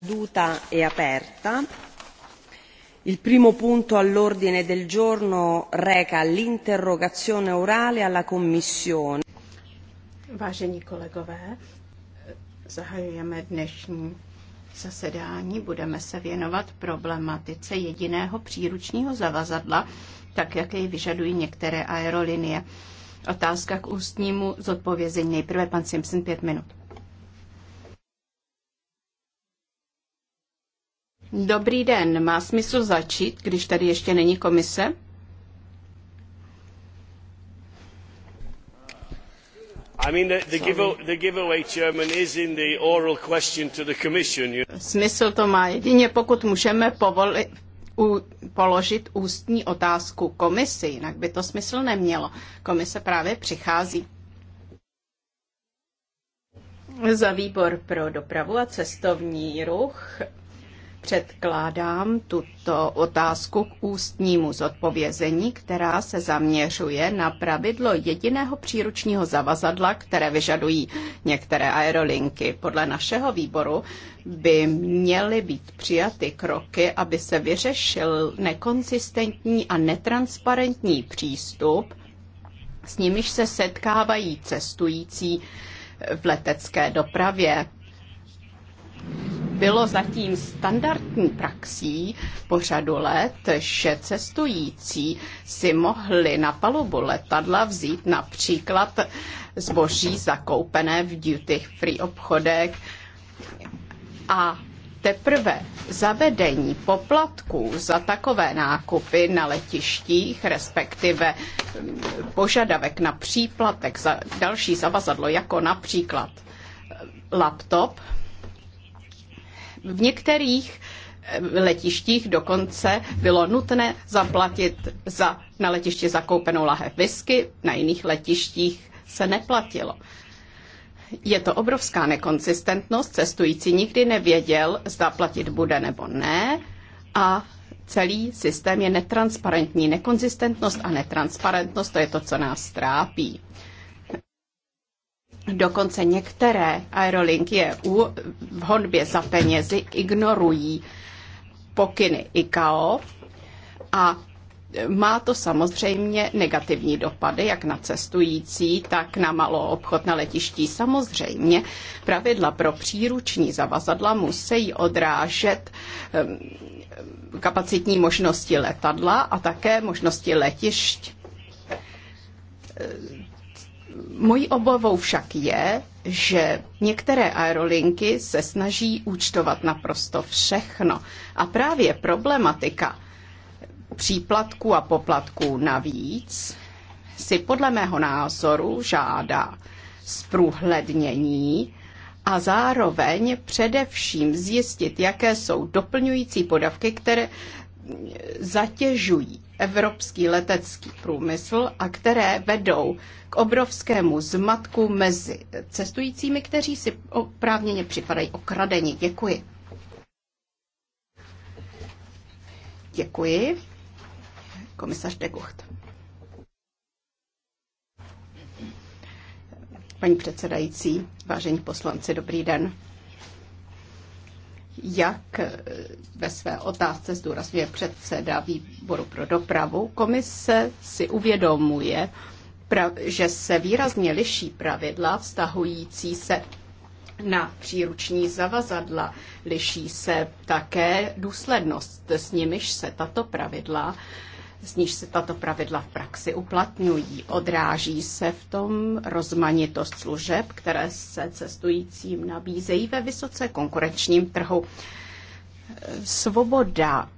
seduta è e aperta. Il primo punto all'ordine del giorno reca l'interrogazione orale alla Commissione. Vážení kolegové, zahajujeme dnešní zasedání. Budeme se věnovat problematice jediného příručního zavazadla, tak jak jej vyžadují některé aerolinie. Otázka k ústnímu zodpovězení. Nejprve pan Simpson pět minut. Dobrý den, má smysl začít, když tady ještě není komise? I mean, the, giveaway chairman is in the oral question to the commission. Smysl to má jedině, pokud můžeme povoli, u, položit ústní otázku komisi, jinak by to smysl nemělo. Komise právě přichází. Za výbor pro dopravu a cestovní ruch Předkládám tuto otázku k ústnímu zodpovězení, která se zaměřuje na pravidlo jediného příručního zavazadla, které vyžadují některé aerolinky. Podle našeho výboru by měly být přijaty kroky, aby se vyřešil nekonzistentní a netransparentní přístup, s nimiž se setkávají cestující v letecké dopravě bylo zatím standardní praxí po řadu let, že cestující si mohli na palubu letadla vzít například zboží zakoupené v duty free obchodech a teprve zavedení poplatků za takové nákupy na letištích, respektive požadavek na příplatek za další zavazadlo, jako například laptop, v některých eh, letištích dokonce bylo nutné zaplatit za na letišti zakoupenou lahev whisky, na jiných letištích se neplatilo. Je to obrovská nekonsistentnost, cestující nikdy nevěděl, zda platit bude nebo ne a celý systém je netransparentní. Nekonzistentnost a netransparentnost to je to, co nás trápí. Dokonce některé aerolinky u, v honbě za penězi ignorují pokyny ICAO a má to samozřejmě negativní dopady, jak na cestující, tak na malou obchod na letiští. Samozřejmě pravidla pro příruční zavazadla musí odrážet ehm, kapacitní možnosti letadla a také možnosti letišť Mojí obavou však je, že některé aerolinky se snaží účtovat naprosto všechno. A právě problematika příplatků a poplatků navíc si podle mého názoru žádá zprůhlednění a zároveň především zjistit, jaké jsou doplňující podavky, které zatěžují evropský letecký průmysl a které vedou k obrovskému zmatku mezi cestujícími, kteří si oprávněně připadají okradeni. Děkuji. Děkuji. Komisař de Gucht. Paní předsedající, vážení poslanci, dobrý den jak eh, ve své otázce zdůrazňuje předseda výboru pro dopravu, komise si uvědomuje, že se výrazně liší pravidla vztahující se na příruční zavazadla. Liší se také důslednost, s nimiž se tato pravidla z níž se tato pravidla v praxi uplatňují. Odráží se v tom rozmanitost služeb, které se cestujícím nabízejí ve vysoce konkurenčním trhu. Svoboda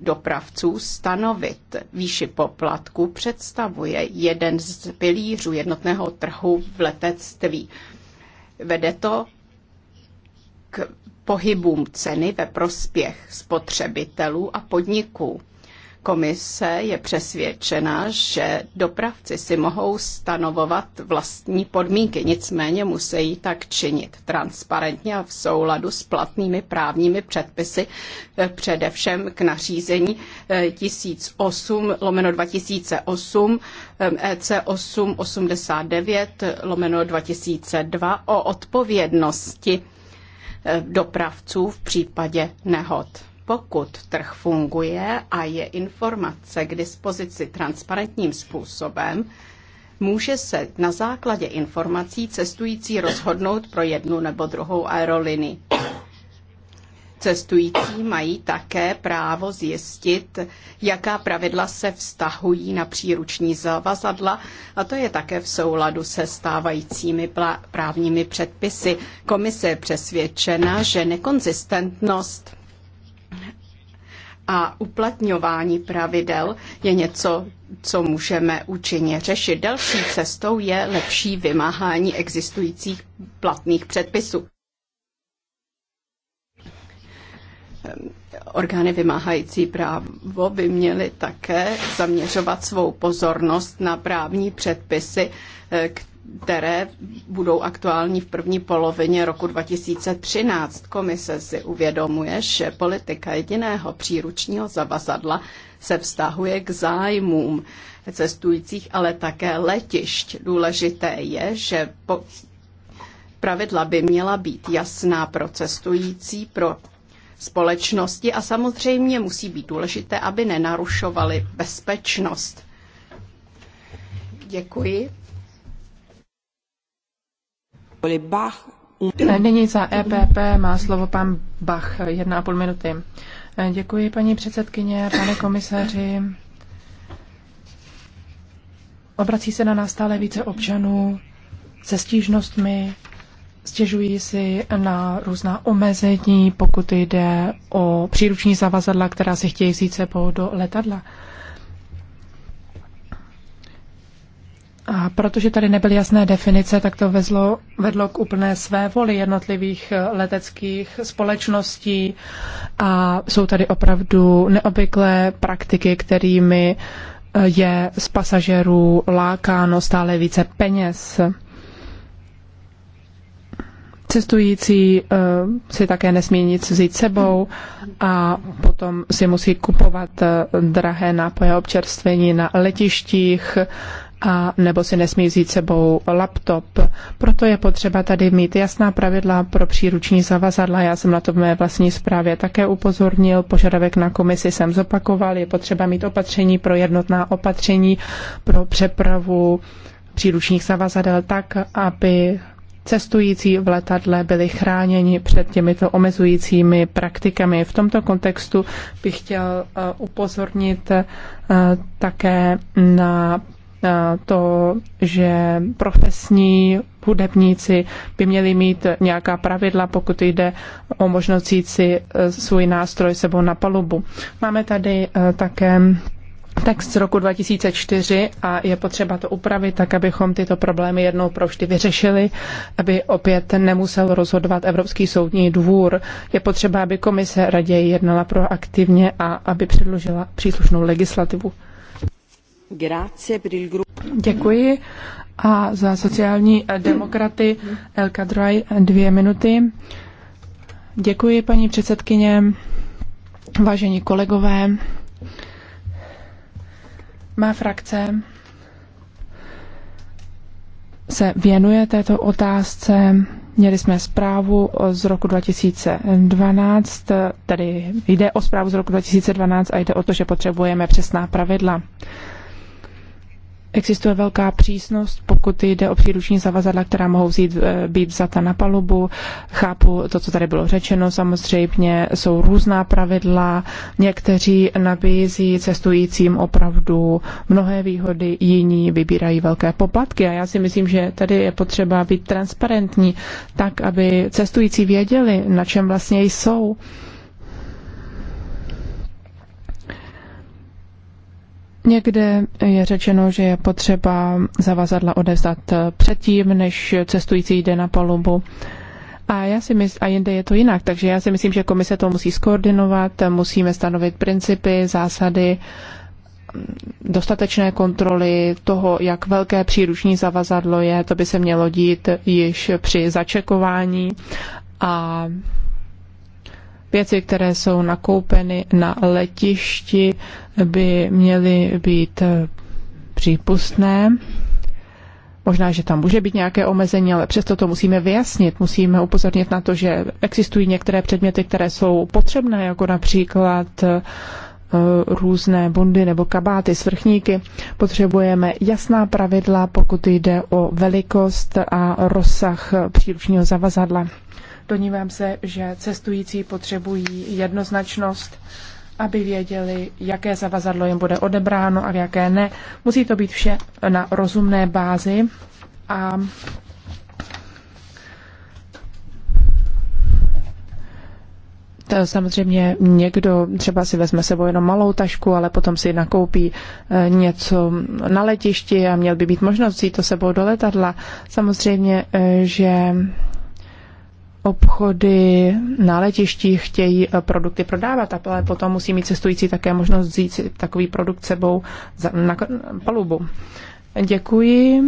dopravců stanovit výši poplatku představuje jeden z pilířů jednotného trhu v letectví. Vede to k pohybům ceny ve prospěch spotřebitelů a podniků. Komise je přesvědčena, že dopravci si mohou stanovovat vlastní podmínky, nicméně musí tak činit transparentně a v souladu s platnými právními předpisy, eh, především k nařízení 1008 eh, lomeno 2008 EC 889 lomeno 2002 o odpovědnosti eh, dopravců v případě nehod pokud trh funguje a je informace k dispozici transparentním způsobem, může se na základě informací cestující rozhodnout pro jednu nebo druhou aerolinii. Cestující mají také právo zjistit, jaká pravidla se vztahují na příruční zavazadla a to je také v souladu se stávajícími právními předpisy. Komise je přesvědčena, že nekonzistentnost a uplatňování pravidel je něco, co můžeme účinně řešit. Další cestou je lepší vymáhání existujících platných předpisů. Orgány vymáhající právo by měly také zaměřovat svou pozornost na právní předpisy, eh, které budou aktuální v první polovině roku 2013. Komise si uvědomuje, že politika jediného příručního zavazadla se vztahuje k zájmům cestujících, ale také letišť. Důležité je, že po... pravidla by měla být jasná pro cestující, pro společnosti a samozřejmě musí být důležité, aby nenarušovaly bezpečnost. Děkuji. Nyní za EPP má slovo pan Bach, jedna a půl minuty. Děkuji, paní předsedkyně, pane komisaři. Obrací se na nás stále více občanů se stížnostmi, stěžují si na různá omezení, pokud jde o příruční zavazadla, která si chtějí vzít sebou do letadla. A protože tady nebyly jasné definice, tak to vezlo, vedlo k úplné své voli jednotlivých eh, leteckých společností a jsou tady opravdu neobvyklé praktiky, kterými eh, je z pasažerů lákáno stále více peněz. Cestující eh, si také nesmí nic vzít sebou a potom si musí kupovat drahé nápoje občerstvení na letištích a nebo si nesmí vzít sebou laptop. Proto je potřeba tady mít jasná pravidla pro příruční zavazadla. Já jsem na to v mé vlastní zprávě také upozornil. Požadavek na komisi jsem zopakoval. Je potřeba mít opatření pro jednotná opatření pro přepravu příručních zavazadel tak, aby cestující v letadle byli chráněni před těmito omezujícími praktikami. V tomto kontextu bych chtěl eh, upozornit eh, také na Eh, to, že profesní hudebníci by měli mít nějaká pravidla, pokud jde o možnost jít si eh, svůj nástroj sebou na palubu. Máme tady eh, také text z roku 2004 a je potřeba to upravit tak, abychom tyto problémy jednou pro vždy vyřešili, aby opět nemusel rozhodovat Evropský soudní dvůr. Je potřeba, aby komise raději jednala proaktivně a aby předložila příslušnou legislativu. Děkuji. A za sociální demokraty El Kadraj dvě minuty. Děkuji, paní předsedkyně, vážení kolegové. Má frakce se věnuje této otázce. Měli jsme zprávu z roku 2012, tedy jde o zprávu z roku 2012 a jde o to, že potřebujeme přesná pravidla. Existuje velká přísnost, pokud jde o příruční zavazadla, která mohou vzít, eh, být vzata na palubu. Chápu to, co tady bylo řečeno. Samozřejmě jsou různá pravidla. Někteří nabízí cestujícím opravdu mnohé výhody, jiní vybírají velké poplatky. A já si myslím, že tady je potřeba být transparentní, tak aby cestující věděli, na čem vlastně jsou. Někde je řečeno, že je potřeba zavazadla odevzdat předtím, než cestující jde na palubu. A, já si mysl, a jinde je to jinak, takže já si myslím, že komise to musí skoordinovat, musíme stanovit principy, zásady, dostatečné kontroly toho, jak velké příruční zavazadlo je, to by se mělo dít již při začekování a Věci, které jsou nakoupeny na letišti, by měly být eh, přípustné. Možná, že tam může být nějaké omezení, ale přesto to musíme vyjasnit. Musíme upozornit na to, že existují některé předměty, které jsou potřebné, jako například eh, různé bundy nebo kabáty, svrchníky. Potřebujeme jasná pravidla, pokud jde o velikost a rozsah příručního zavazadla. Donívám se, že cestující potřebují jednoznačnost, aby věděli, jaké zavazadlo jim bude odebráno a jaké ne. Musí to být vše na rozumné bázi a To samozřejmě někdo třeba si vezme sebou jenom malou tašku, ale potom si nakoupí eh, něco na letišti a měl by být možnost vzít to sebou do letadla. Samozřejmě, eh, že obchody na letištích chtějí produkty prodávat, ale potom musí mít cestující také možnost vzít si takový produkt sebou na palubu. Děkuji.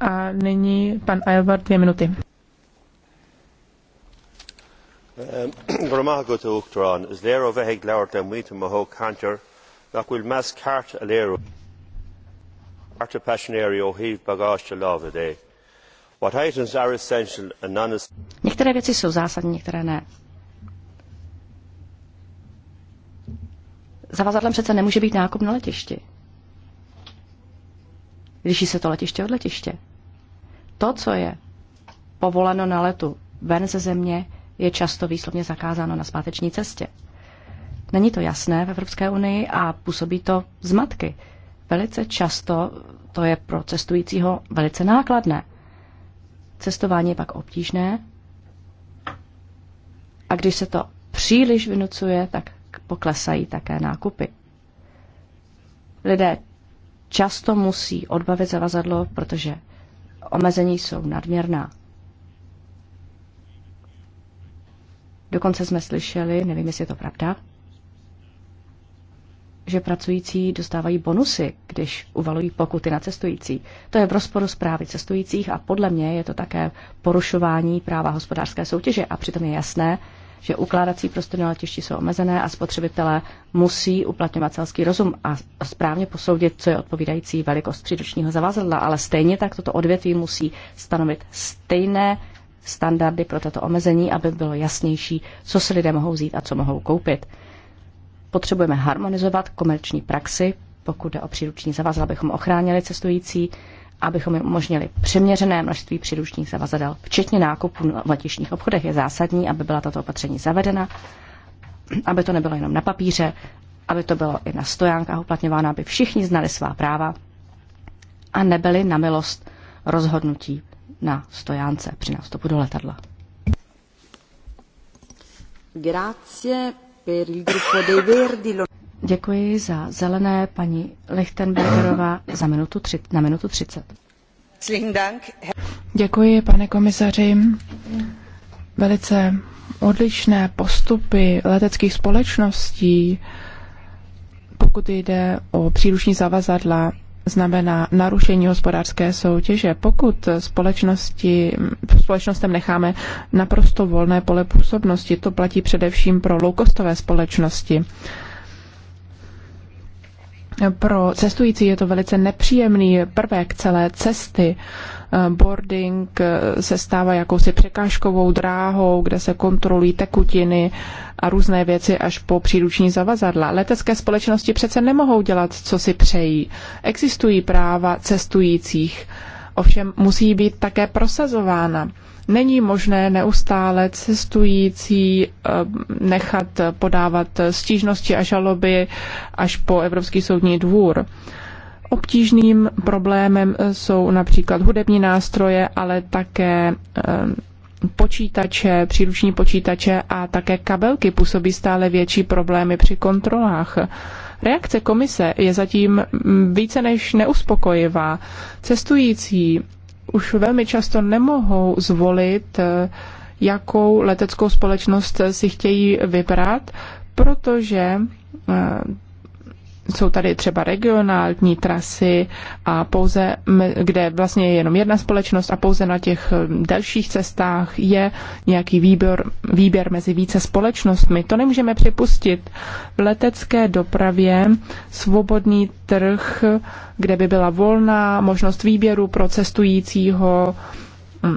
A nyní pan Ajovar dvě minuty. Ehm, Arta passionério Některé věci jsou zásadní, některé ne. Zavazadlem přece nemůže být nákup na letišti. Liší se to letiště od letiště. To, co je povoleno na letu ven ze země, je často výslovně zakázáno na zpáteční cestě. Není to jasné v Evropské unii a působí to zmatky. Velice často to je pro cestujícího velice nákladné. Cestování je pak obtížné a když se to příliš vynucuje, tak poklesají také nákupy. Lidé často musí odbavit zavazadlo, protože omezení jsou nadměrná. Dokonce jsme slyšeli, nevím, jestli je to pravda, že pracující dostávají bonusy, když uvalují pokuty na cestující. To je v rozporu s právy cestujících a podle mě je to také porušování práva hospodářské soutěže a přitom je jasné, že ukládací prostory na letišti jsou omezené a spotřebitelé musí uplatňovat celský rozum a správně posoudit, co je odpovídající velikost přírodního zavazadla, ale stejně tak toto odvětví musí stanovit stejné standardy pro tato omezení, aby bylo jasnější, co si lidé mohou vzít a co mohou koupit potřebujeme harmonizovat komerční praxi, pokud jde o příruční zavazadla, abychom ochránili cestující, abychom jim umožnili přiměřené množství příručních zavazadel, včetně nákupů v letišních obchodech. Je zásadní, aby byla tato opatření zavedena, aby to nebylo jenom na papíře, aby to bylo i na stojánkách uplatňováno, aby všichni znali svá práva a nebyli na milost rozhodnutí na stojánce při nástupu do letadla. Grazie. Děkuji za zelené paní Lichtenbergerová za minutu tři, na minutu 30. Děkuji, pane komisaři. Velice odlišné postupy leteckých společností, pokud jde o příruční zavazadla, znamená narušení hospodářské soutěže. Pokud společnosti, společnostem necháme naprosto volné pole působnosti, to platí především pro loukostové společnosti. Pro cestující je to velice nepříjemný prvek celé cesty. Uh, Eh, boarding eh, se stává jakousi překážkovou dráhou, kde se kontrolují tekutiny a různé věci až po příruční zavazadla. Letecké společnosti přece nemohou dělat, co si přejí. Existují práva cestujících, ovšem musí být také prosazována. Není možné neustále cestující eh, nechat podávat stížnosti a žaloby až po Evropský soudní dvůr. Obtížným problémem jsou například hudební nástroje, ale také ehm, počítače, příruční počítače a také kabelky působí stále větší problémy při kontrolách. Reakce komise je zatím více než neuspokojivá. Cestující už velmi často nemohou zvolit, eh, jakou leteckou společnost si chtějí vybrat, protože eh, jsou tady třeba regionální trasy a pouze, kde vlastně je jenom jedna společnost a pouze na těch hm, dalších cestách je nějaký výběr, výběr mezi více společnostmi. To nemůžeme připustit. V letecké dopravě svobodný trh, kde by byla volná možnost výběru pro cestujícího, hm,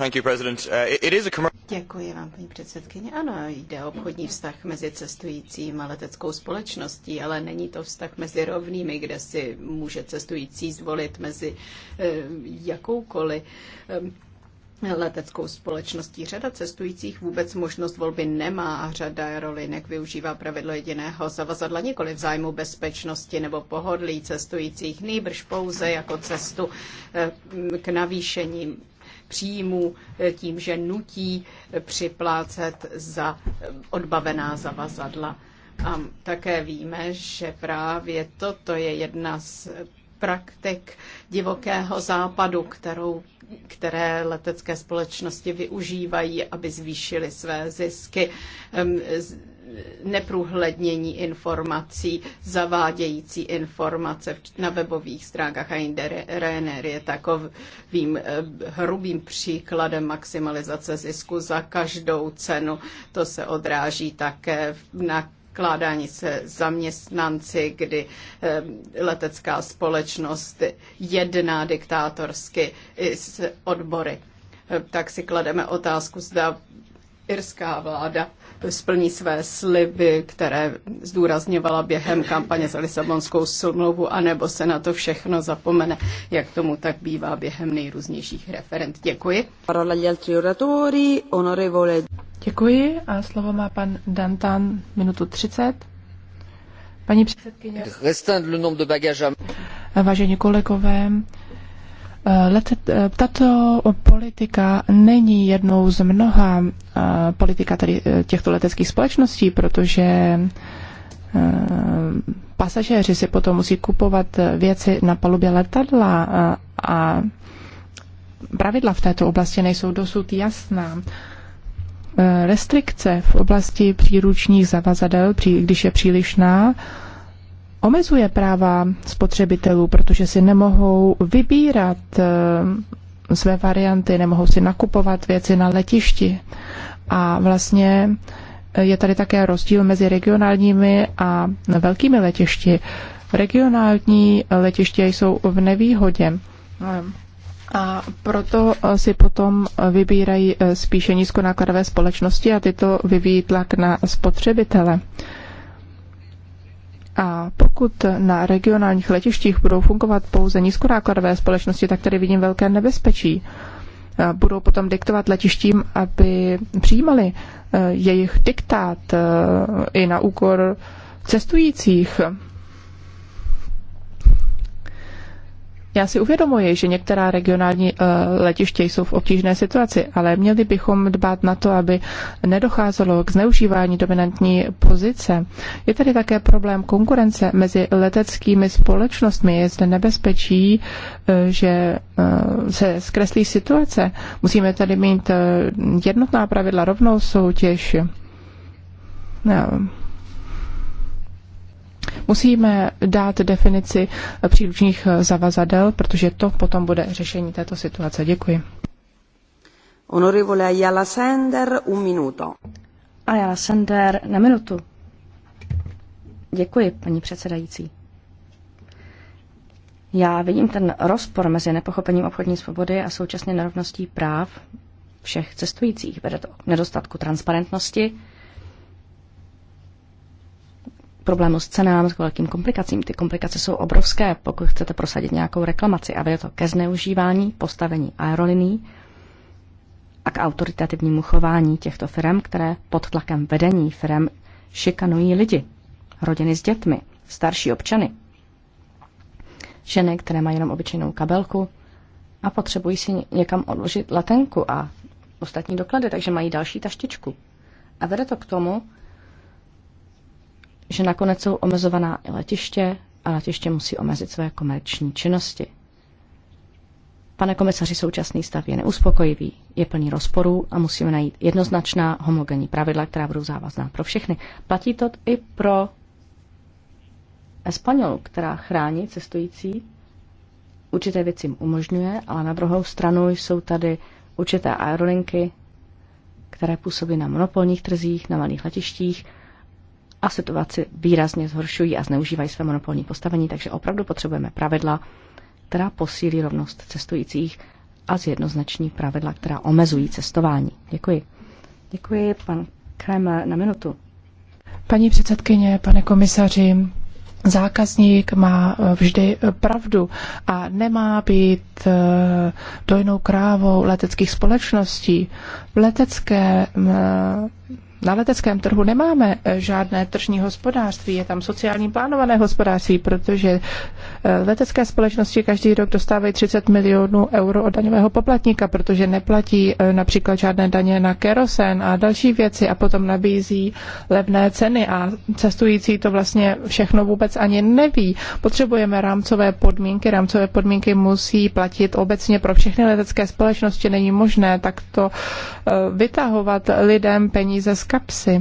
Uh, Děkuji vám, paní předsedkyně. Ano, jde o obchodní vztah mezi cestujícím a leteckou společností, ale není to vztah mezi rovnými, kde si může cestující zvolit mezi eh, jakoukoliv eh, leteckou společností. Řada cestujících vůbec možnost volby nemá a řada aerolinek využívá pravidlo jediného zavazadla nikoli v zájmu bezpečnosti nebo pohodlí cestujících, nýbrž pouze jako cestu eh, k navýšení příjmů eh, tím, že nutí eh, připlácet za eh, odbavená zavazadla. A také víme, že právě toto je jedna z praktik divokého západu, kterou, které letecké společnosti využívají, aby zvýšily své zisky. Ehm, neprůhlednění informací, zavádějící informace na webových stránkách a jinde. Renner je takovým eh, hrubým příkladem maximalizace zisku za každou cenu. To se odráží také na kládání se zaměstnanci, kdy eh, letecká společnost jedná diktátorsky s odbory. Eh, tak si klademe otázku, zda irská vláda splní své sliby, které zdůrazňovala během kampaně za Lisabonskou smlouvu, anebo se na to všechno zapomene, jak tomu tak bývá během nejrůznějších referent. Děkuji. Děkuji a slovo má pan Dantan minutu 30. Paní předsedkyně. Vážení kolegové, Eh, eh, tato politika není jednou z mnoha eh, politika tady těchto leteckých společností, protože pasažéři si potom musí kupovat věci na palubě letadla a pravidla v této oblasti nejsou dosud jasná. Restrikce v oblasti příručních zavazadel, když je přílišná, omezuje práva spotřebitelů, protože si nemohou vybírat eh, své varianty, nemohou si nakupovat věci na letišti. A vlastně eh, je tady také rozdíl mezi regionálními a velkými letišti. Regionální letiště jsou v nevýhodě. Eh, a proto si potom vybírají spíše nízkonákladové společnosti a tyto vyvíjí tlak na spotřebitele. A pokud na regionálních letištích budou fungovat pouze nízkonákladové společnosti, tak tady vidím velké nebezpečí. Budou potom diktovat letištím, aby přijímali eh, jejich diktát eh, i na úkor cestujících. Já si uvědomuji, že některá regionální eh, letiště jsou v obtížné situaci, ale měli bychom dbát na to, aby nedocházelo k zneužívání dominantní pozice. Je tady také problém konkurence mezi leteckými společnostmi. Je zde nebezpečí, eh, že eh, se zkreslí situace. Musíme tady mít jednotná pravidla, rovnou soutěž. No Musíme dát definici příručních zavazadel, protože to potom bude řešení této situace. Děkuji. Honorevole Ayala Sender, un minuto. Ayala Sender, na minutu. Děkuji, paní předsedající. Já vidím ten rozpor mezi nepochopením obchodní svobody a současně nerovností práv všech cestujících. Vede to k nedostatku transparentnosti, problému s cenám, s velkým komplikacím. Ty komplikace jsou obrovské, pokud chcete prosadit nějakou reklamaci a vede to ke zneužívání postavení aeroliní a k autoritativnímu chování těchto firm, které pod tlakem vedení firm šikanují lidi, rodiny s dětmi, starší občany, ženy, které mají jenom obyčejnou kabelku a potřebují si někam odložit letenku a ostatní doklady, takže mají další taštičku. A vede to k tomu, že nakonec jsou omezovaná i letiště a letiště musí omezit své komerční činnosti. Pane komisaři, současný stav je neuspokojivý, je plný rozporů a musíme najít jednoznačná homogenní pravidla, která budou závazná pro všechny. Platí to i pro Espanolu, která chrání cestující, určité věci jim umožňuje, ale na druhou stranu jsou tady určité aerolinky, které působí na monopolních trzích, na malých letištích, a situaci výrazně zhoršují a zneužívají své monopolní postavení, takže opravdu potřebujeme pravidla, která posílí rovnost cestujících a zjednoznační pravidla, která omezují cestování. Děkuji. Děkuji, pan Kramer, na minutu. Paní předsedkyně, pane komisaři, zákazník má eh, vždy eh, pravdu a nemá být eh, dojnou krávou leteckých společností. Letecké na leteckém trhu nemáme eh, žádné tržní hospodářství, je tam sociální plánované hospodářství, protože eh, letecké společnosti každý rok dostávají 30 milionů euro od daňového poplatníka, protože neplatí eh, například žádné daně na kerosen a další věci a potom nabízí levné ceny a cestující to vlastně všechno vůbec ani neví. Potřebujeme rámcové podmínky, rámcové podmínky musí platit obecně pro všechny letecké společnosti, není možné takto vytahovat lidem peníze z kapsy.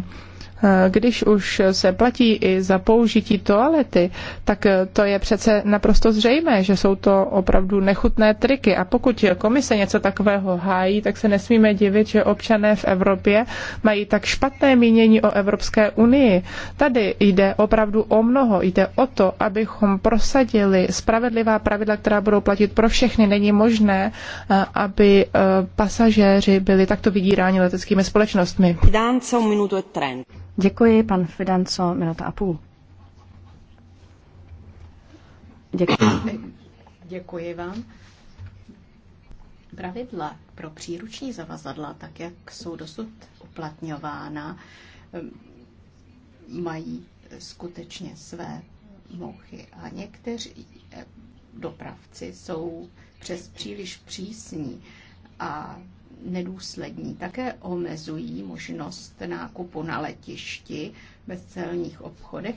Eh, když už se platí i za použití toalety, tak eh, to je přece naprosto zřejmé, že jsou to opravdu nechutné triky. A pokud komise něco takového hájí, tak se nesmíme divit, že občané v Evropě mají tak špatné mínění o Evropské unii. Tady jde opravdu o mnoho. Jde o to, abychom prosadili spravedlivá pravidla, která budou platit pro všechny. Není možné, eh, aby pasažéři byli takto vydíráni leteckými společnostmi. Dám minutu 30. Děkuji, pan Fidanco, minuta a půl. Děkuji. Děkuji vám. Pravidla pro příruční zavazadla, tak jak jsou dosud uplatňována, ehm, mají skutečně své mouchy. A někteří ehm, dopravci jsou přes příliš přísní a nedůslední. Také omezují možnost nákupu na letišti ve celních obchodech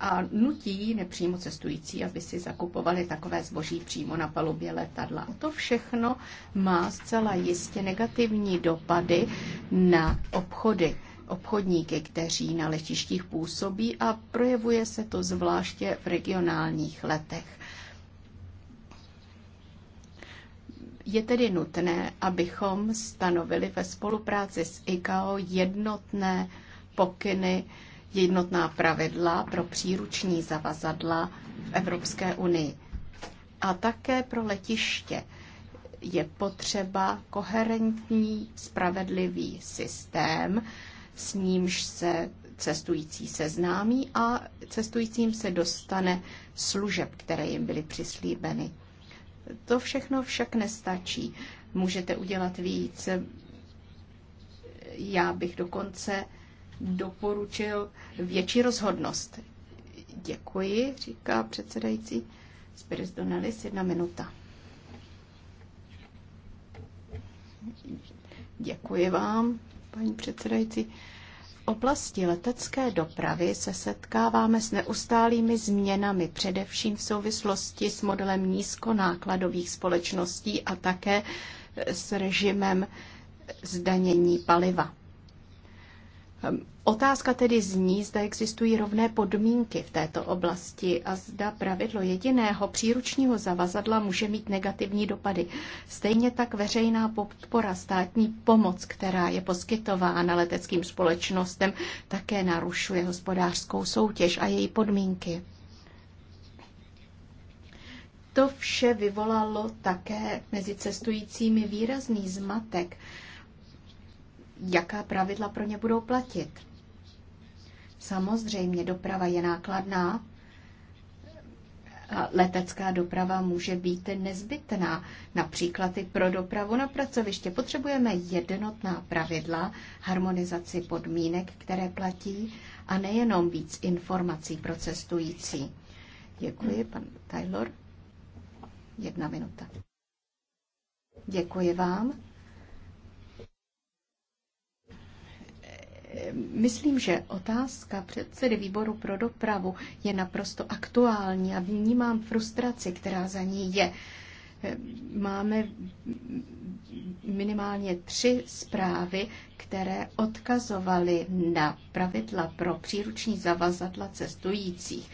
a nutí nepřímo cestující, aby si zakupovali takové zboží přímo na palubě letadla. A to všechno má zcela jistě negativní dopady na obchody obchodníky, kteří na letištích působí a projevuje se to zvláště v regionálních letech. Je tedy nutné, abychom stanovili ve spolupráci s ICAO jednotné pokyny, jednotná pravidla pro příruční zavazadla v Evropské unii. A také pro letiště je potřeba koherentní, spravedlivý systém, s nímž se cestující seznámí a cestujícím se dostane služeb, které jim byly přislíbeny. To všechno však nestačí. Můžete udělat víc. Já bych dokonce doporučil větší rozhodnost. Děkuji, říká předsedající. Spiris Donalis, jedna minuta. Děkuji vám, paní předsedající oblasti letecké dopravy se setkáváme s neustálými změnami, především v souvislosti s modelem nízkonákladových společností a také s režimem zdanění paliva. Ehm, otázka tedy zní, zda existují rovné podmínky v této oblasti a zda pravidlo jediného příručního zavazadla může mít negativní dopady. Stejně tak veřejná podpora, státní pomoc, která je poskytována leteckým společnostem, také narušuje hospodářskou soutěž a její podmínky. To vše vyvolalo také mezi cestujícími výrazný zmatek jaká pravidla pro ně budou platit. Samozřejmě doprava je nákladná, a letecká doprava může být nezbytná, například i pro dopravu na pracoviště. Potřebujeme jednotná pravidla, harmonizaci podmínek, které platí, a nejenom víc informací pro cestující. Děkuji, pan Taylor. Jedna minuta. Děkuji vám. Myslím, že otázka předsedy výboru pro dopravu je naprosto aktuální a vnímám frustraci, která za ní je. Máme minimálně tři zprávy, které odkazovaly na pravidla pro příruční zavazadla cestujících.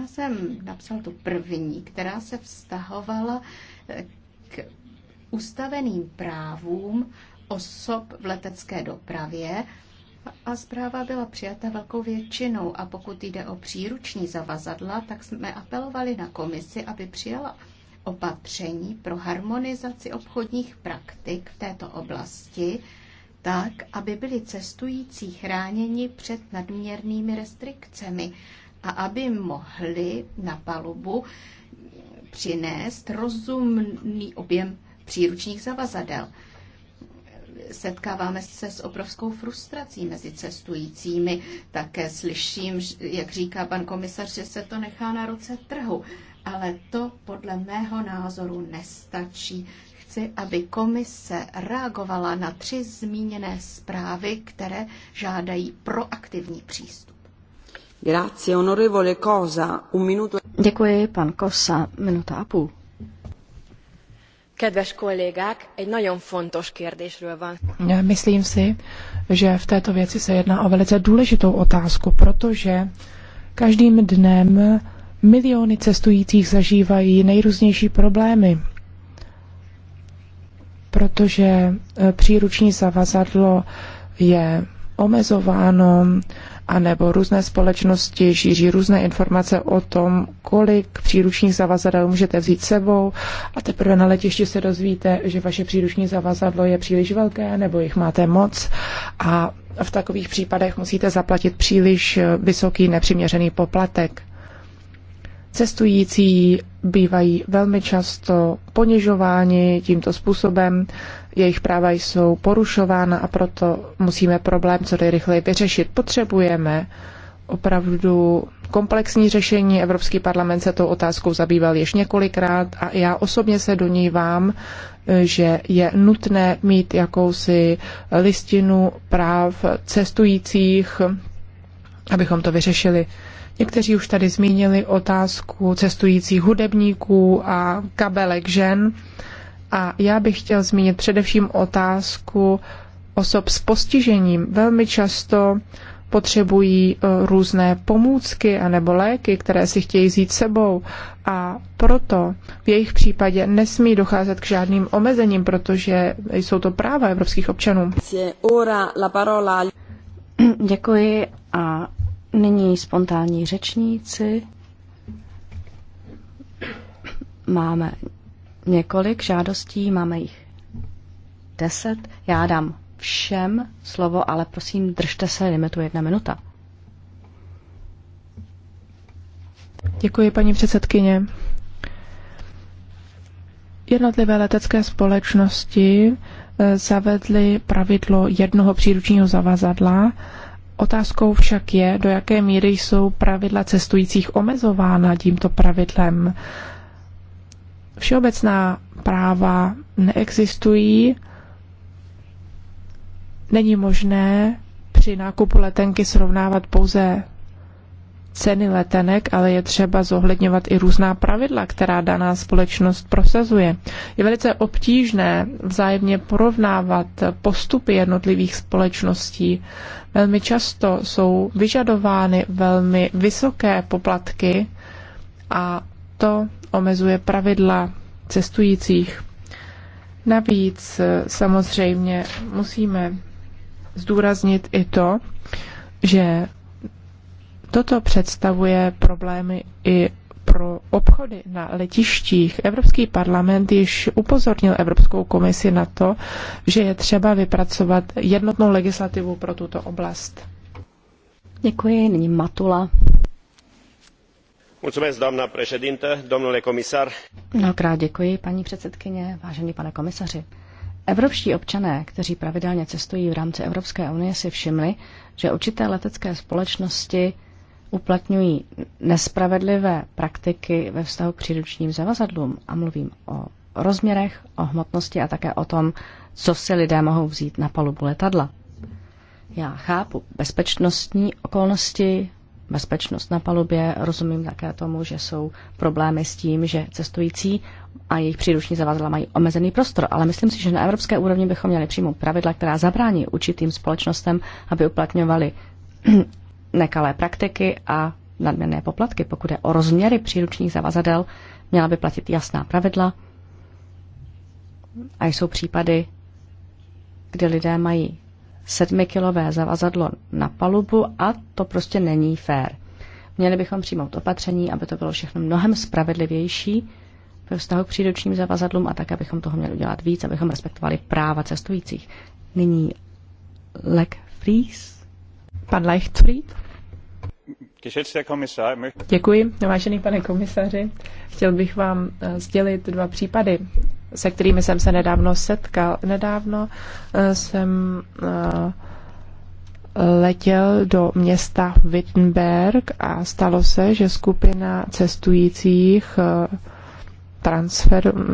Já jsem napsal tu první, která se vztahovala k ustaveným právům osob v letecké dopravě a zpráva byla přijata velkou většinou a pokud jde o příruční zavazadla, tak jsme apelovali na komisi, aby přijala opatření pro harmonizaci obchodních praktik v této oblasti, tak, aby byli cestující chráněni před nadměrnými restrikcemi a aby mohli na palubu přinést rozumný objem příručních zavazadel setkáváme se s obrovskou frustrací mezi cestujícími. Také slyším, jak říká pan komisař, že se to nechá na ruce trhu. Ale to podle mého názoru nestačí. Chci, aby komise reagovala na tři zmíněné zprávy, které žádají proaktivní přístup. Grazie, onorevole Cosa. Un minuto... Děkuji, pan Kosa. Minuta a půl. Kedves Myslím si, že v této věci se jedná o velice důležitou otázku, protože každým dnem miliony cestujících zažívají nejrůznější problémy, protože e, příruční zavazadlo je omezováno, anebo různé společnosti šíří různé informace o tom, kolik příručních zavazadel můžete vzít sebou a teprve na letišti se dozvíte, že vaše příruční zavazadlo je příliš velké nebo jich máte moc a v takových případech musíte zaplatit příliš vysoký nepřiměřený poplatek. Cestující bývají velmi často ponižováni tímto způsobem jejich práva jsou porušována a proto musíme problém co nejrychleji vyřešit. Potřebujeme opravdu komplexní řešení. Evropský parlament se tou otázkou zabýval ještě několikrát a já osobně se do vám, že je nutné mít jakousi listinu práv cestujících, abychom to vyřešili. Někteří už tady zmínili otázku cestujících hudebníků a kabelek žen. A já bych chtěl zmínit především otázku osob s postižením. Velmi často potřebují e, různé pomůcky anebo léky, které si chtějí vzít sebou a proto v jejich případě nesmí docházet k žádným omezením, protože jsou to práva evropských občanů. Děkuji a nyní spontánní řečníci. Máme několik žádostí, máme jich deset. Já dám všem slovo, ale prosím, držte se limitu jedna minuta. Děkuji, paní předsedkyně. Jednotlivé letecké společnosti eh, zavedly pravidlo jednoho příručního zavazadla. Otázkou však je, do jaké míry jsou pravidla cestujících omezována tímto pravidlem. Všeobecná práva neexistují. Není možné při nákupu letenky srovnávat pouze ceny letenek, ale je třeba zohledňovat i různá pravidla, která daná společnost prosazuje. Je velice obtížné vzájemně porovnávat postupy jednotlivých společností. Velmi často jsou vyžadovány velmi vysoké poplatky a to omezuje pravidla cestujících. Navíc eh, samozřejmě musíme zdůraznit i to, že toto představuje problémy i pro obchody na letištích. Evropský parlament již upozornil Evropskou komisi na to, že je třeba vypracovat jednotnou legislativu pro tuto oblast. Děkuji, nyní Matula doamnă președintă domnule comisar mnohokrát děkuji paní předsedkyně vážený pane komisaři evropští občané kteří pravidelně cestují v rámci evropské unie si všimli že určité letecké společnosti uplatňují nespravedlivé praktiky ve vztahu k příručním zavazadlům a mluvím o rozměrech, o hmotnosti a také o tom, co si lidé mohou vzít na palubu letadla. Já chápu bezpečnostní okolnosti, bezpečnost na palubě. Rozumím také tomu, že jsou problémy s tím, že cestující a jejich příruční zavazadla mají omezený prostor, ale myslím si, že na evropské úrovni bychom měli přijmout pravidla, která zabrání určitým společnostem, aby uplatňovali nekalé praktiky a nadměrné poplatky. Pokud je o rozměry příručních zavazadel, měla by platit jasná pravidla. A jsou případy, kdy lidé mají sedmikilové zavazadlo na palubu a to prostě není fér. Měli bychom přijmout opatření, aby to bylo všechno mnohem spravedlivější ve vztahu k přídočním zavazadlům a tak, abychom toho měli udělat víc, abychom respektovali práva cestujících. Nyní Lech Fries. Pan Leichtfried. Děkuji, vážený pane komisaři. Chtěl bych vám eh, sdělit dva případy, se kterými jsem se nedávno setkal. Nedávno eh, jsem eh, letěl do města Wittenberg a stalo se, že skupina cestujících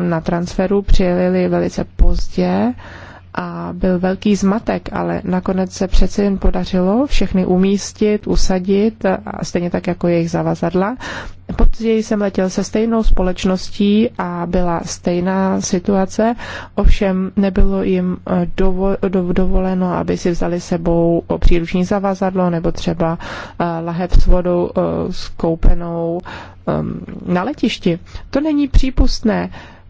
na transferu přijeli velice pozdě a byl velký zmatek, ale nakonec se přece jen podařilo všechny umístit, usadit, a stejně tak jako jejich zavazadla. Později jsem letěl se stejnou společností a byla stejná situace, ovšem nebylo jim eh, dovoleno, aby si vzali sebou příruční zavazadlo nebo třeba eh, lahev s vodou eh, skoupenou ehm, na letišti. To není přípustné.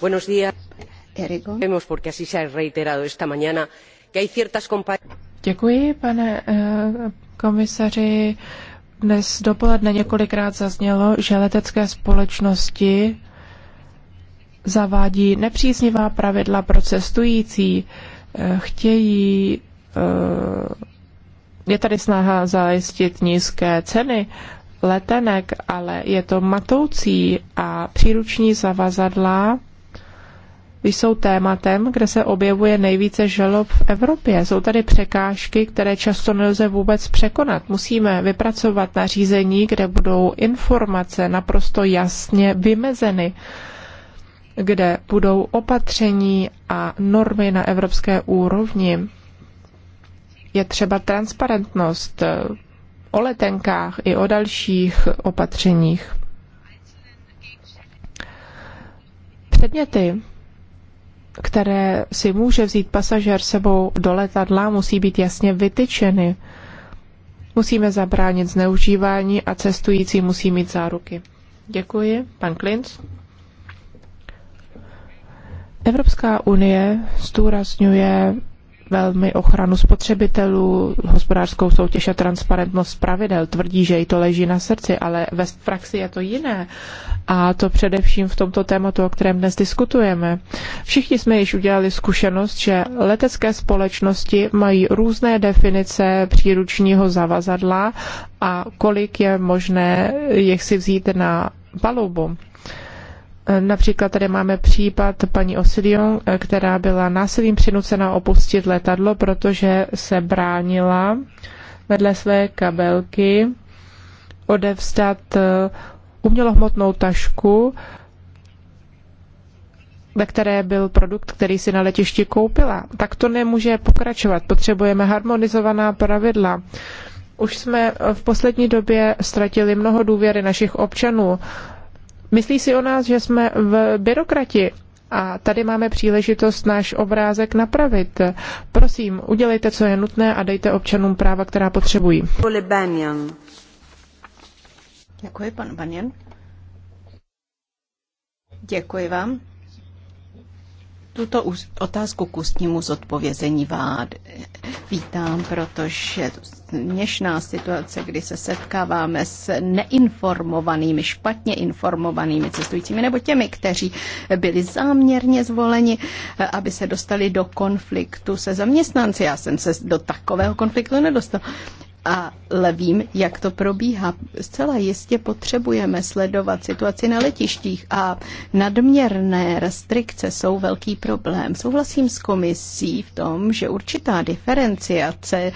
Buenos días. Vemos porque así se ha reiterado esta mañana que hay ciertas Děkuji, pane eh, komisaři. Dnes dopoledne několikrát zaznělo, že letecké společnosti zavádí nepříznivá pravidla pro cestující. Eh, chtějí eh, je tady snaha zajistit nízké ceny, letenek, ale je to matoucí a příruční zavazadla jsou tématem, kde se objevuje nejvíce žalob v Evropě. Jsou tady překážky, které často nelze vůbec překonat. Musíme vypracovat nařízení, kde budou informace naprosto jasně vymezeny, kde budou opatření a normy na evropské úrovni. Je třeba transparentnost o letenkách i o dalších opatřeních. Předměty, které si může vzít pasažér sebou do letadla, musí být jasně vytyčeny. Musíme zabránit zneužívání a cestující musí mít záruky. Děkuji. Pan Klinc. Evropská unie zdůrazňuje velmi ochranu spotřebitelů, hospodářskou soutěž a transparentnost pravidel. Tvrdí, že jí to leží na srdci, ale ve praxi je to jiné. A to především v tomto tématu, o kterém dnes diskutujeme. Všichni jsme již udělali zkušenost, že letecké společnosti mají různé definice příručního zavazadla a kolik je možné jich si vzít na palubu. Například tady máme případ paní Osilion, která byla násilím přinucena opustit letadlo, protože se bránila vedle své kabelky odevzdat eh, umělohmotnou tašku, ve které byl produkt, který si na letišti koupila. Tak to nemůže pokračovat. Potřebujeme harmonizovaná pravidla. Už jsme v poslední době ztratili mnoho důvěry našich občanů Myslí si o nás, že jsme v byrokrati a tady máme příležitost náš obrázek napravit. Prosím, udělejte, co je nutné a dejte občanům práva, která potřebují. Děkuji, pan Banian. Děkuji vám tuto otázku k ústnímu zodpovězení vád vítám, protože dnešná situace, kdy se setkáváme s neinformovanými, špatně informovanými cestujícími nebo těmi, kteří byli záměrně zvoleni, aby se dostali do konfliktu se zaměstnanci. Já jsem se do takového konfliktu nedostal ale vím, jak to probíhá. Zcela jistě potřebujeme sledovat situaci na letištích a nadměrné restrikce jsou velký problém. Souhlasím s komisí v tom, že určitá diferenciace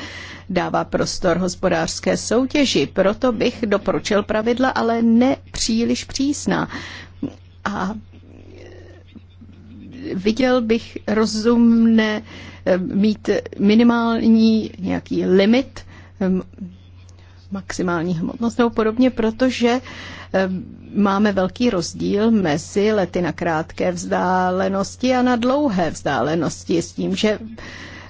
dává prostor hospodářské soutěži, proto bych doporučil pravidla, ale ne příliš přísná. A viděl bych rozumné eh, mít minimální nějaký limit, Ehm, maximální hmotnost nebo podobně, protože ehm, máme velký rozdíl mezi lety na krátké vzdálenosti a na dlouhé vzdálenosti s tím, že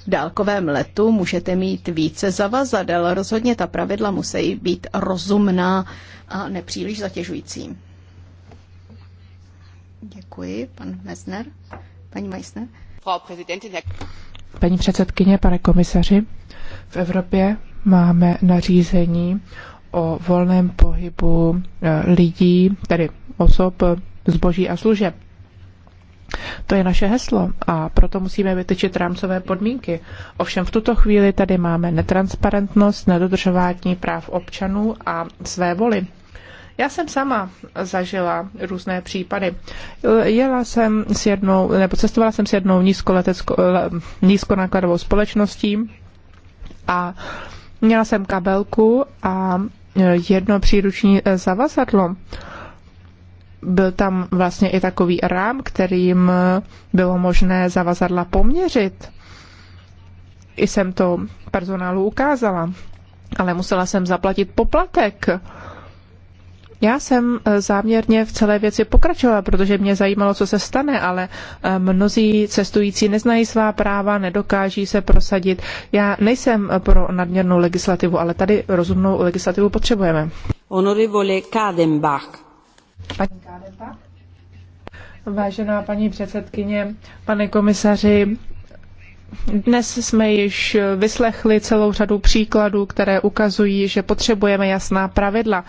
v dálkovém letu můžete mít více zavazadel. Rozhodně ta pravidla musí být rozumná a nepříliš zatěžující. Děkuji, pan Mezner. Paní Meissner. Paní předsedkyně, pane komisaři, v Evropě máme nařízení o volném pohybu eh, lidí, tedy osob, zboží a služeb. To je naše heslo a proto musíme vytyčit rámcové podmínky. Ovšem v tuto chvíli tady máme netransparentnost, nedodržování práv občanů a své voli. Já jsem sama zažila různé případy. Jela jsem s jednou, nebo cestovala jsem s jednou eh, nízkonákladovou společností a Měla jsem kabelku a e, jedno příruční e, zavazadlo. Byl tam vlastně i takový rám, kterým e, bylo možné zavazadla poměřit. I jsem to personálu ukázala, ale musela jsem zaplatit poplatek já jsem eh, záměrně v celé věci pokračovala, protože mě zajímalo, co se stane, ale eh, mnozí cestující neznají svá práva, nedokáží se prosadit. Já nejsem eh, pro nadměrnou legislativu, ale tady rozumnou legislativu potřebujeme. Honorevole Kadenbach. Paní Kadenbach? Vážená paní předsedkyně, pane komisaři, dnes jsme již vyslechli celou řadu příkladů, které ukazují, že potřebujeme jasná pravidla.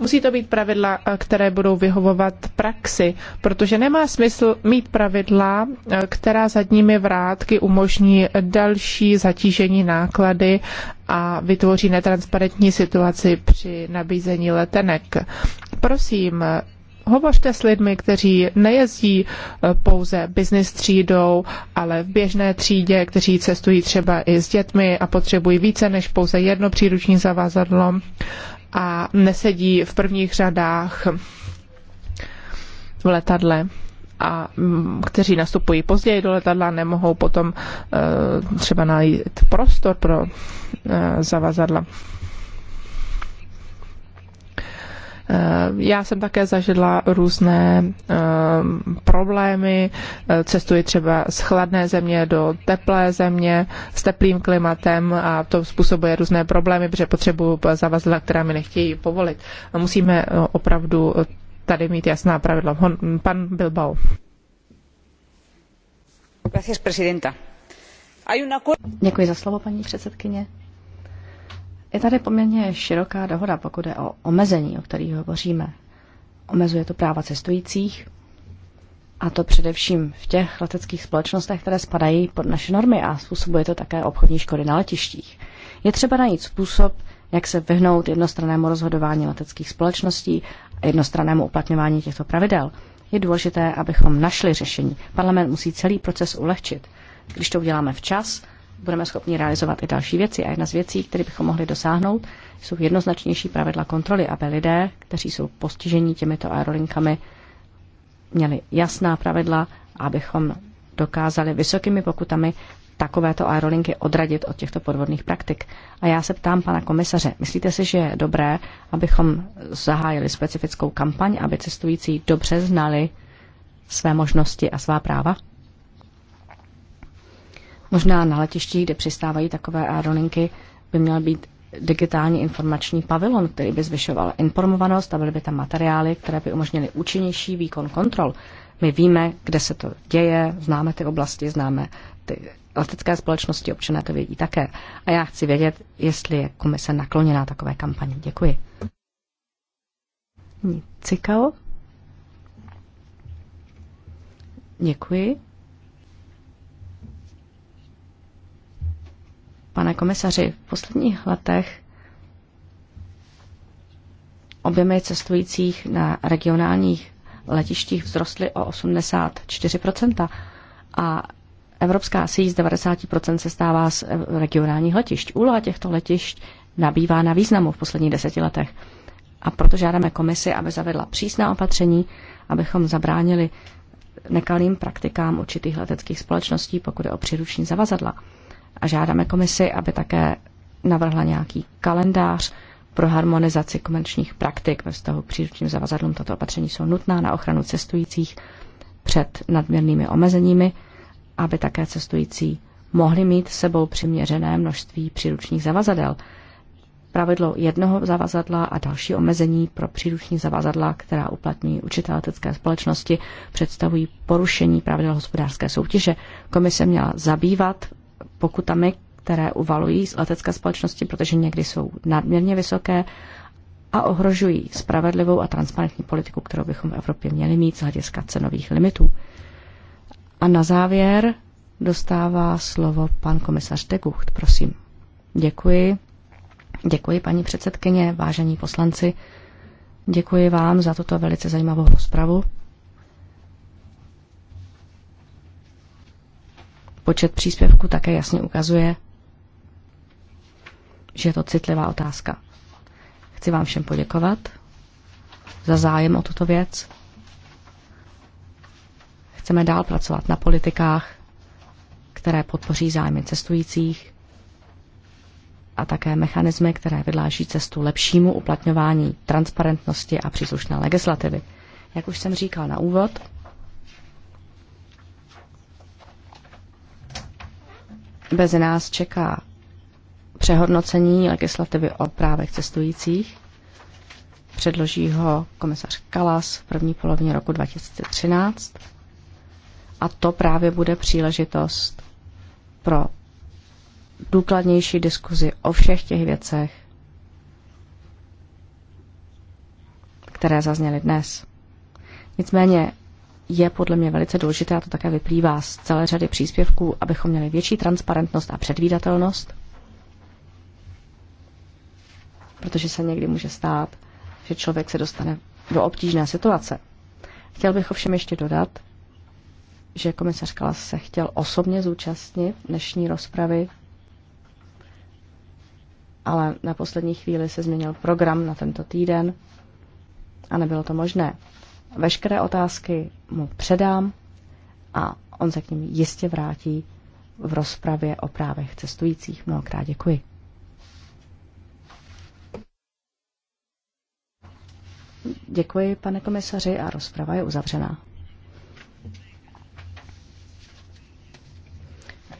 Musí to být pravidla, eh, které budou vyhovovat praxi, protože nemá smysl mít pravidla, eh, která zadními vrátky umožní další zatížení náklady a vytvoří netransparentní situaci při nabízení letenek. Prosím, hovořte s lidmi, kteří nejezdí eh, pouze business třídou, ale v běžné třídě, kteří cestují třeba i s dětmi a potřebují více než pouze jedno příruční zavazadlo a nesedí v prvních řadách v letadle a mm, kteří nastupují později do letadla, nemohou potom eh, třeba najít prostor pro eh, zavazadla. Já jsem také zažila různé ehm, problémy. Eh, cestuji třeba z chladné země do teplé země s teplým klimatem a to způsobuje různé problémy, protože potřebuji zavazla, která mi nechtějí povolit. Musíme eh, opravdu eh, tady mít jasná pravidla. Pan Bilbao. Děkuji za slovo, paní předsedkyně. Je tady poměrně široká dohoda, pokud je o omezení, o kterých hovoříme. Omezuje to práva cestujících, a to především v těch leteckých společnostech, které spadají pod naše normy a způsobuje to také obchodní škody na letištích. Je třeba najít způsob, jak se vyhnout jednostrannému rozhodování leteckých společností a jednostrannému uplatňování těchto pravidel. Je důležité, abychom našli řešení. Parlament musí celý proces ulehčit. Když to uděláme včas, budeme schopni realizovat i další věci. A jedna z věcí, které bychom mohli dosáhnout, jsou jednoznačnější pravidla kontroly, aby lidé, kteří jsou postiženi těmito aerolinkami, měli jasná pravidla, abychom dokázali vysokými pokutami takovéto aerolinky odradit od těchto podvodných praktik. A já se ptám pana komisaře, myslíte si, že je dobré, abychom zahájili specifickou kampaň, aby cestující dobře znali své možnosti a svá práva? Možná na letišti, kde přistávají takové aerolinky, by měl být digitální informační pavilon, který by zvyšoval informovanost a byly by tam materiály, které by umožnily účinnější výkon kontrol. My víme, kde se to děje, známe ty oblasti, známe ty letecké společnosti, občané to vědí také. A já chci vědět, jestli je komise nakloněná takové kampani. Děkuji. Cikao? Děkuji. Pane komisaři, v posledních letech objemy cestujících na regionálních letištích vzrostly o 84% a evropská síť z 90% se stává z regionálních letišť. Úloha těchto letišť nabývá na významu v posledních deseti letech. A proto žádáme komisi, aby zavedla přísná opatření, abychom zabránili nekalým praktikám určitých leteckých společností, pokud je o příruční zavazadla a žádáme komisi, aby také navrhla nějaký kalendář pro harmonizaci komerčních praktik ve vztahu k příručním zavazadlům. Tato opatření jsou nutná na ochranu cestujících před nadměrnými omezeními, aby také cestující mohli mít sebou přiměřené množství příručních zavazadel. Pravidlo jednoho zavazadla a další omezení pro příruční zavazadla, která uplatní určité společnosti, představují porušení pravidel hospodářské soutěže. Komise měla zabývat pokutami, které uvalují z letecké společnosti, protože někdy jsou nadměrně vysoké a ohrožují spravedlivou a transparentní politiku, kterou bychom v Evropě měli mít z hlediska cenových limitů. A na závěr dostává slovo pan komisař de Gucht, prosím. Děkuji. Děkuji, paní předsedkyně, vážení poslanci. Děkuji vám za tuto velice zajímavou rozpravu. Počet příspěvků také jasně ukazuje, že je to citlivá otázka. Chci vám všem poděkovat za zájem o tuto věc. Chceme dál pracovat na politikách, které podpoří zájmy cestujících a také mechanismy, které vydláží cestu lepšímu uplatňování transparentnosti a příslušné legislativy. Jak už jsem říkal na úvod, Bez nás čeká přehodnocení legislativy o právech cestujících. Předloží ho komisař Kalas v první polovině roku 2013. A to právě bude příležitost pro důkladnější diskuzi o všech těch věcech, které zazněly dnes. Nicméně je podle mě velice důležité a to také vyplývá z celé řady příspěvků, abychom měli větší transparentnost a předvídatelnost, protože se někdy může stát, že člověk se dostane do obtížné situace. Chtěl bych ovšem ještě dodat, že komisař Kalas se chtěl osobně zúčastnit dnešní rozpravy, ale na poslední chvíli se změnil program na tento týden a nebylo to možné. Veškeré otázky mu předám a on se k ním jistě vrátí v rozpravě o právech cestujících. Mnohokrát děkuji. Děkuji, pane komisaři, a rozprava je uzavřená.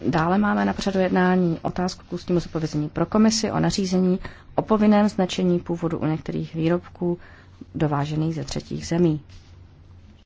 Dále máme na pořadu jednání otázku k ústnímu zodpovězení pro komisi o nařízení o povinném značení původu u některých výrobků dovážených ze třetích zemí.